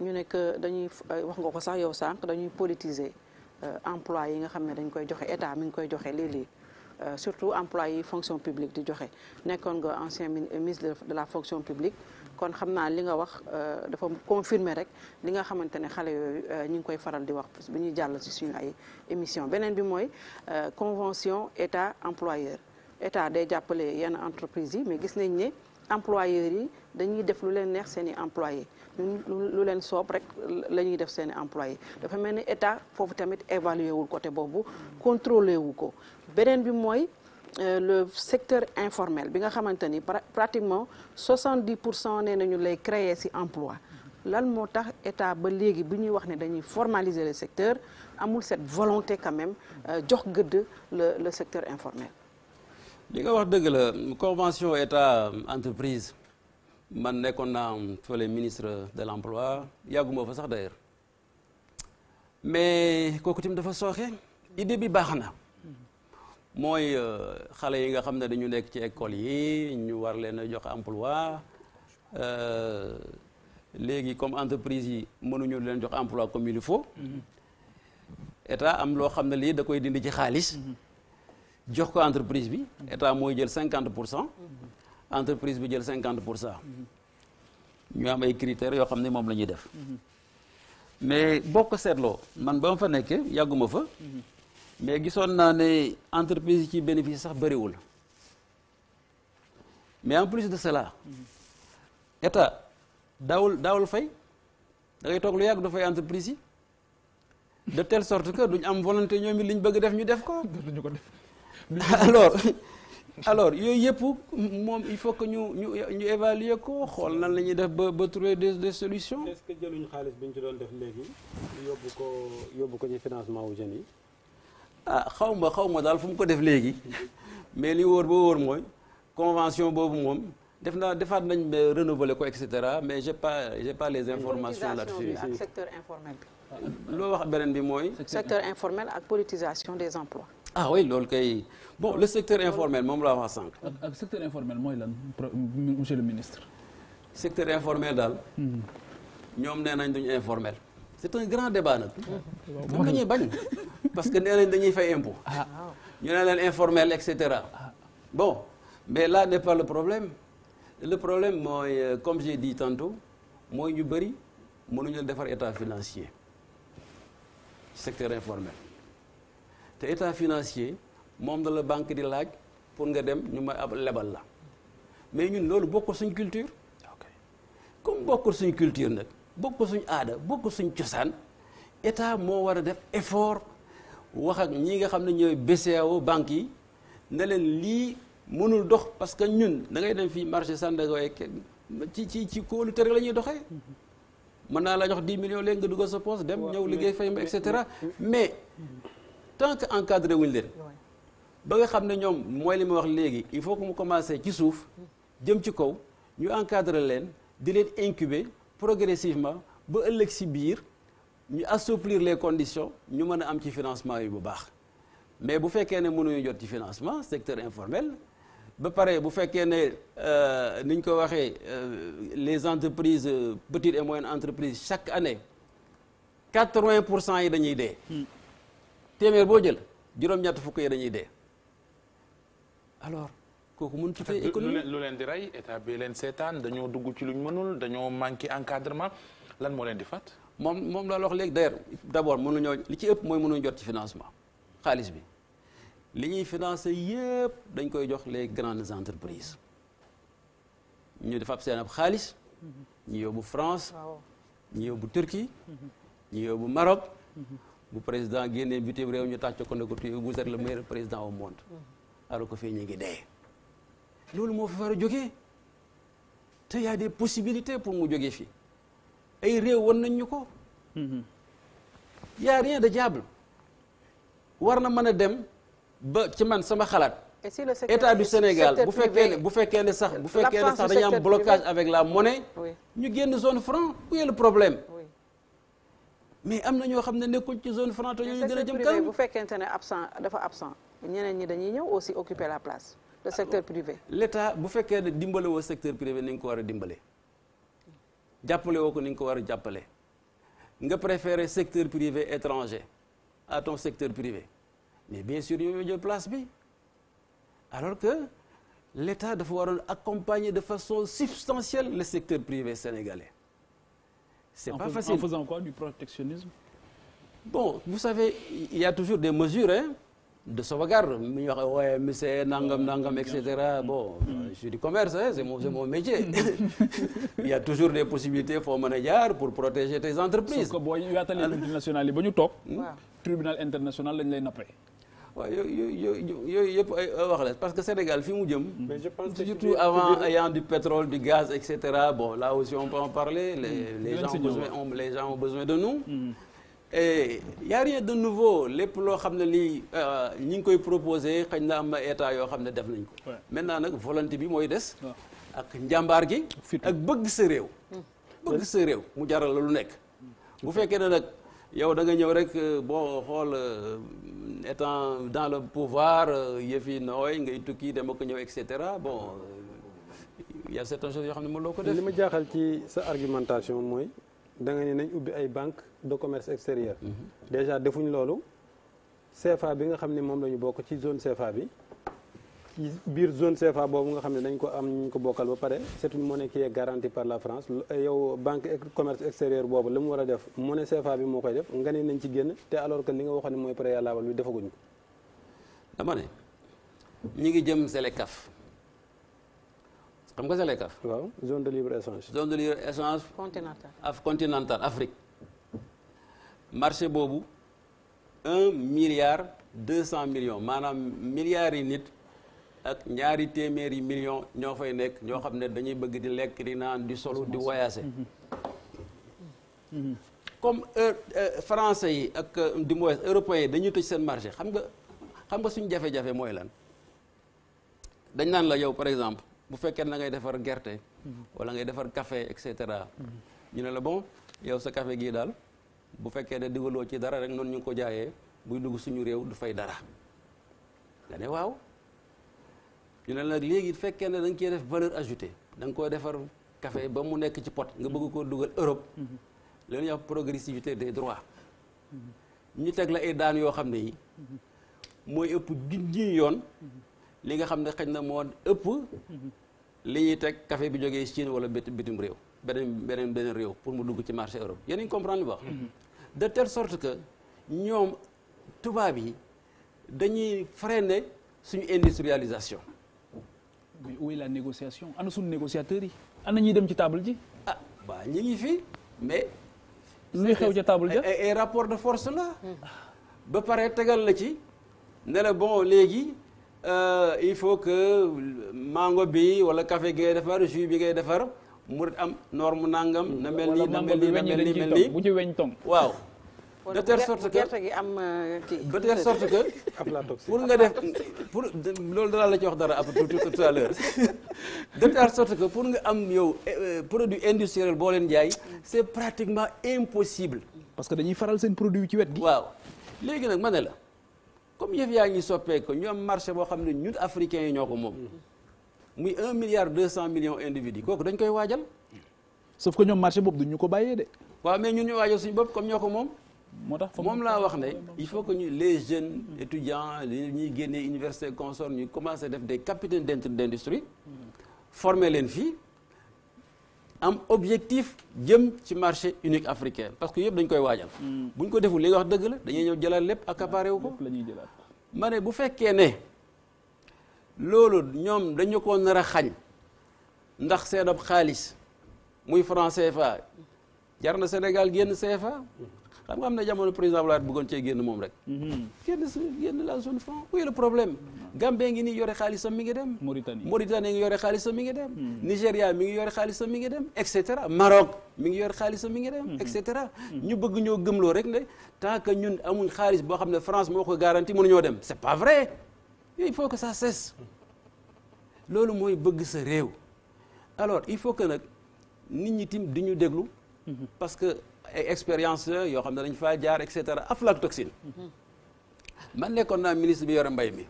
ñu ne que dañuy wax nga ko sax yow sànq dañuy politiser euh, emploi yi nga xam ne dañ koy joxe état mi ngi koy joxe léeg-léeg euh, surtout emploi yi fonction publique di joxe nekkoon nga ancien euh, ministre de la fonction publique kon xam naa li nga wax dafa confirmer rek li nga xamante ne xale yooyu ñu ngi koy faral di wax bu ñuy jàll ci suñu ay émission beneen bi mooy convention état employeur état day jàppale yenn entreprise yi mais gis nañ ne employeurs yi dañuy def lu leen neex seen i employé lu leen soob rek la ñuy def seen i employé dafa mel ni état foofu tamit évalué wul côté boobu contrôlé wu ko beneen bi mooy euh, le secteur informel bi nga xamante ni pratiquement 70 pour cent nañu lay créer ci emploi lan moo tax état ba léegi bu ñuy wax ne dañuy formaliser le secteur amul cette volonté quand même euh, jox gëdd le le secteur informel. li nga wax dëgg la convention état entreprise. man nekkoon naa fële ministre de l'emploi yàggumoo fa sax d'ailleurs mais kooku tamit dafa sooxe idée bi baax na mooy euh, xale yi nga xam ne dañu nekk ci école yi ñu war leen a jox emploi euh, léegi comme entreprise yi mënuñu leen jox emploi comme il faut am loo xam ne lii da koy dindi ci xaalis jox ko entreprise bi état mooy jël cinquante pour cent entreprise bi jël cinquante pour cent ñu am ay critères yoo xam ne moom la ñuy def mais boo ko seetloo man ba ma fa nekkee yàgguma fa mais gisoon naa ne entreprise yi ci bénéfice sax bëriwul mais en plus de cela état daawul daawul fay da ngay toog lu yàgg du fay entreprise yi de telle sorte que duñ am volonté ñoom it li ñu bëgg def ñu def ko alors alors yooyu yëpp moom il faut que ñu ñu ñu évaluer ko xool nan la ñuy def ba ba trouver des des solutions. est-ce que jëluñu xaalis bi ñu ci doon def léegi yóbbu ko yóbbu ko ci financement wu jeunes yi. ah xaw ma xaw ma daal fu mu ko def léegi mais li woor ba woor mooy convention boobu moom def naa defaat nañ renouveler ko et cetera mais j'ai pas j'ai pas les informations là-dessus. secteur informel bi. loo wax beneen bi mooy. secteur informel ak politisation des emplois. ah oui loolu kay bon le secteur informel moom laa wax sànq. ak secteur informel mooy lan monsieur le ministre. secteur informel daal. Hmm. ñoom nee nañ duñ informel. c'est un grand débat nag. moom la ñuy bañ. parce que nee dañuy fay impôt. Ah. ñu ne leen informel et cetera. Ah. bon mais là n'est pas le problème. le problème mooy euh, comme j'ai dit tantôt mooy ñu bëri mënuñu defar état financier. secteur informel te état financier moom la la banque di laaj pour nga dem ñu ma ab lebal la mais ñun loolu bokk suñ culture. comme bokkul suñ culture nag bokk suñ aada bokkul suñ cosaan état moo war a def effort wax ak ñi nga xam ne ñooy BCEAO banque yi ne leen lii mënul dox parce que ñun da ngay dem fii marché Sandaga waaye ci ci ci kóolu tere la ñuy doxee. Mm-hmm. mën naa la jox 10 millions léegi nga dugal sa poche dem ñëw liggéey fay ma et cetera mais tant que encadré wuñ leen ba nga xam ne ñoom mooy li ma wax léegi il faut que mu commencé ci suuf jëm ci kaw ñu encadré leen di leen incuber progressivement ba ëllëg si biir ñu assouplir les conditions ñu mën a am ci financement yi bu baax mais bu fekkee ne mënuñu jot ci financement secteur informel ba pare bu fekkee ne euh, ni ñu ko waxee euh, les entreprises euh, petites et moyennes entreprises chaque année quatre-vingts pour cent yi dañuy dee. Hmm. téeméer boo jël juróom-ñett fukk yi dañuy dee alors. kooku mënut a économie lu leen di rey état bi leen seetaan dañoo dugg ci luñ mënul dañoo manqué encadrement lan moo leen di fàtt moom moom laa wax léegi d'ailleurs d'abord mënuñoo li ci ëpp mooy mënul jot ci financement xaalis bi. li ñuy financé yëpp dañ koy jox les grandes entreprises ñu def ab seen ab xaalis ñu bu France ñu bu Turquie mhm. ñu bu Maroc mhm. bu président génnee bitim réew ñu tàcc ko ne ko tu vous êtes le meilleur président au monde mhm. alors que ñu ngi dee loolu moo fi war a jógee te y a des pour mu jógee fi ay réew wan nañ ñu ko y a rien de diable war na mën a dem ba ci man sama xalaat. Si État du Sénégal bu fekkee ne bu fekkee ne sax bu fekkee ne sax dañu am blocage avec la monnaie. ñu génn zone franc où est le problème. mais am na ñoo xam ne nekkuñ ci zone franc te ñoo ñu gën a jëm kanam bu fekkente ne absent dafa absent ñeneen ñi dañuy ñëw aussi occuper la place. le ah, secteur privé. l'État bu fekkee ne dimbale woo secteur privé ni nga ko war a dimbale. jàppale woo ko ni nga ko war a jàppale. nga préférer secteur privé étranger à ton secteur privé. mais bien sûr yow place bi alors que l'État dafa waroon accompagner de façon substantielle le secteur privé sénégalais c'est pas facile en faisant quoi du protectionnisme bon vous savez il y a toujours des mesures hein, de sauvegarde mu ñu wax waaye monsieur nangam nangam et cetera mm. bon mm. Euh, je suis du commerce hein, c'est mon métier mm. il y a toujours des possibilités foo mën jaar pour protéger tes entreprises. sauf que boo yi ba ñu toog. tribunal international lañ lay nappee. waaw yooyu yooyu yooyu yëpp ay wax la parce que Sénégal fi mu jëm. mais je pense que surtout avant ayant du pétrole du gaz et cetera bon là aussi on peut en parler. les mm. les gens ont besoin ont les gens ont besoin de nous. Mm. et y a rien de nouveau lépp loo xam ne lii euh, ñi ngi koy proposé xëy na am na état yoo xam ne def nañ ko. maintenant nag volonté bi mooy des. ak njàmbaar gi. ak bëgg sa réew. Mm. bëgg sa réew mu jaral la lu nekk. bu fekkee ne nag yow da nga ñëw rek euh, boo xool. Euh, étant dans le pouvoir euh, yëf yi nooy ngay tukki dama ko ñëw et cetera bon euh, y a certaines yoo xam ne loo ko def. li ma jaaxal ci sa argumentation mooy da ne nañ ubbi ay banque de commerce extérieur. Mhm. déjà defuñ loolu CFA bi nga xam ne moom la ñu bokk ci zone CFA bi. biir zone CFA boobu nga xam ne dañ ko am ñu ko bokkal ba pare c'est une monnaie qui est garantie par la France eh, yow banque commerce extérieur boobu la mu war a def monnaie CFA bi moo koy def nga ne nañ ci génn te alors que li nga waxoon ne mooy préalable bi defaguñ ko. dama ne ñu ngi jëm Selekaf xam nga Selekaf. waaw zone de libre échange. zone de libre échange. continental af continental Afrique marché boobu un milliard deux cent maanaam milliards yi nit. ak ñaari téeméeri million ñoo fay nekk ñoo xam ne dañuy bëgg di lekk di naan di solo di voyager. comme euh, euh, français yi ak euh, du moins européens yi dañuy tëj seen marché xam nga xam nga suñ jafe-jafe mooy lan dañ naan la yow par exemple bu fekkee na ngay defar gerte. wala ngay defar café et cetera. ñu ne la bon yow sa café gii daal bu fekkee ne digaloo ci dara rek noonu ñu ngi ko jaayee buy dugg suñu réew du fay dara nga ne waaw. ñu ne nag léegi fekkee ne da nga def valeur ajoutée da nga koy defar kafe ba mu nekk ci pot nga bëgg koo dugal Europe mm-hmm. la ñuy wax progressivité des droits mm-hmm. ñu teg la ay daan yoo xam ne yi mm-hmm. mooy ëpp junni yoon li nga xam ne xëy na moo ëpp li ñuy teg kafe bi jógee Chine wala bitim réew beneen beneen beneen réew pour mu dugg ci marché Europe yéen a ngi comprendre de telle sorte que ñoom tubaab yi dañuy freiner suñu industrialisation mais où est la négociation ana suñu négociateurs yi na ñuy dem ci table ji. ah waa ñu ngi fi mais. luy xew ca table ja ay rapport de force la. ba pare tegal la ci ne bon léegi euh, il faut que mango bi wala café gi ngay defar jus bi ngay defar mu am norme nangam. na mel nii na mel nii na mel nii bu ci weñ tong waaw. de telle sorte que gerte gi am euh, kii de telle sorte que pour nga def pour loolu danaa la ci wax dara après tout tout à l'heure de que pour nga am yow euh, euh, produit industriel boo leen jaay c'est pratiquement impossible parce que dañuy faral seen produit ci wet gi waaw léegi nag ma ne la comme yëf yaa ngi soppee ko ñu am marché boo xam ne ñun africains yi ñoo ko moom muy un milliard deux cent millions individus kooku dañ koy waajal sauf que ñoom marché boob duñ ñu ko bàyyee de waaw mais ñun ñu waajal suñu bopp comme ñoo ko moom moo tax moom laa wax ne il faut que ñu les jeunes étudiants li ñuy génne université consort ñu commencé def de capitaines d' industrie former leen fii am objectif jëm ci marché unique africain parce que yëpp dañ koy waajal. Hmm. bu ñu ko deful li nga wax dëgg la dañuy ñëw jëlaat lépp accaparé wu ko. ma ne bu fekkee ne loolu ñoom dañu ko nar a xañ ndax seen ab xaalis muy franc CFA jar na Sénégal génn fa xam nga am na jamono président Wade bëggoon cee génn moom rek. Mhm. génn su génn la zone franc où est le problème. Mhm. Gambie ngi nii yore xaalisam mi ngi dem. Mauritanie Mauritanie ngi yore xaalisam mi ngi dem. Mhm. Nigéria mi ngi yore xaalisam mi ngi dem et cetera Maroc mi ngi yore xaalisam mi ngi dem. et ñu bëgg ñoo gëmloo rek tant que ñun amuñ xaalis boo xam ne France moo ko garanti mënuñoo dem c'est pas vrai il faut que ça cesse loolu mooy bëgg sa réew alors il faut que nag nit ñi tim di ñu déglu parce que. expérience yoo xam ne dañ faa jaar et cetera aflatoxine mhm. man nekkoon naa ministre bi yore mbay mi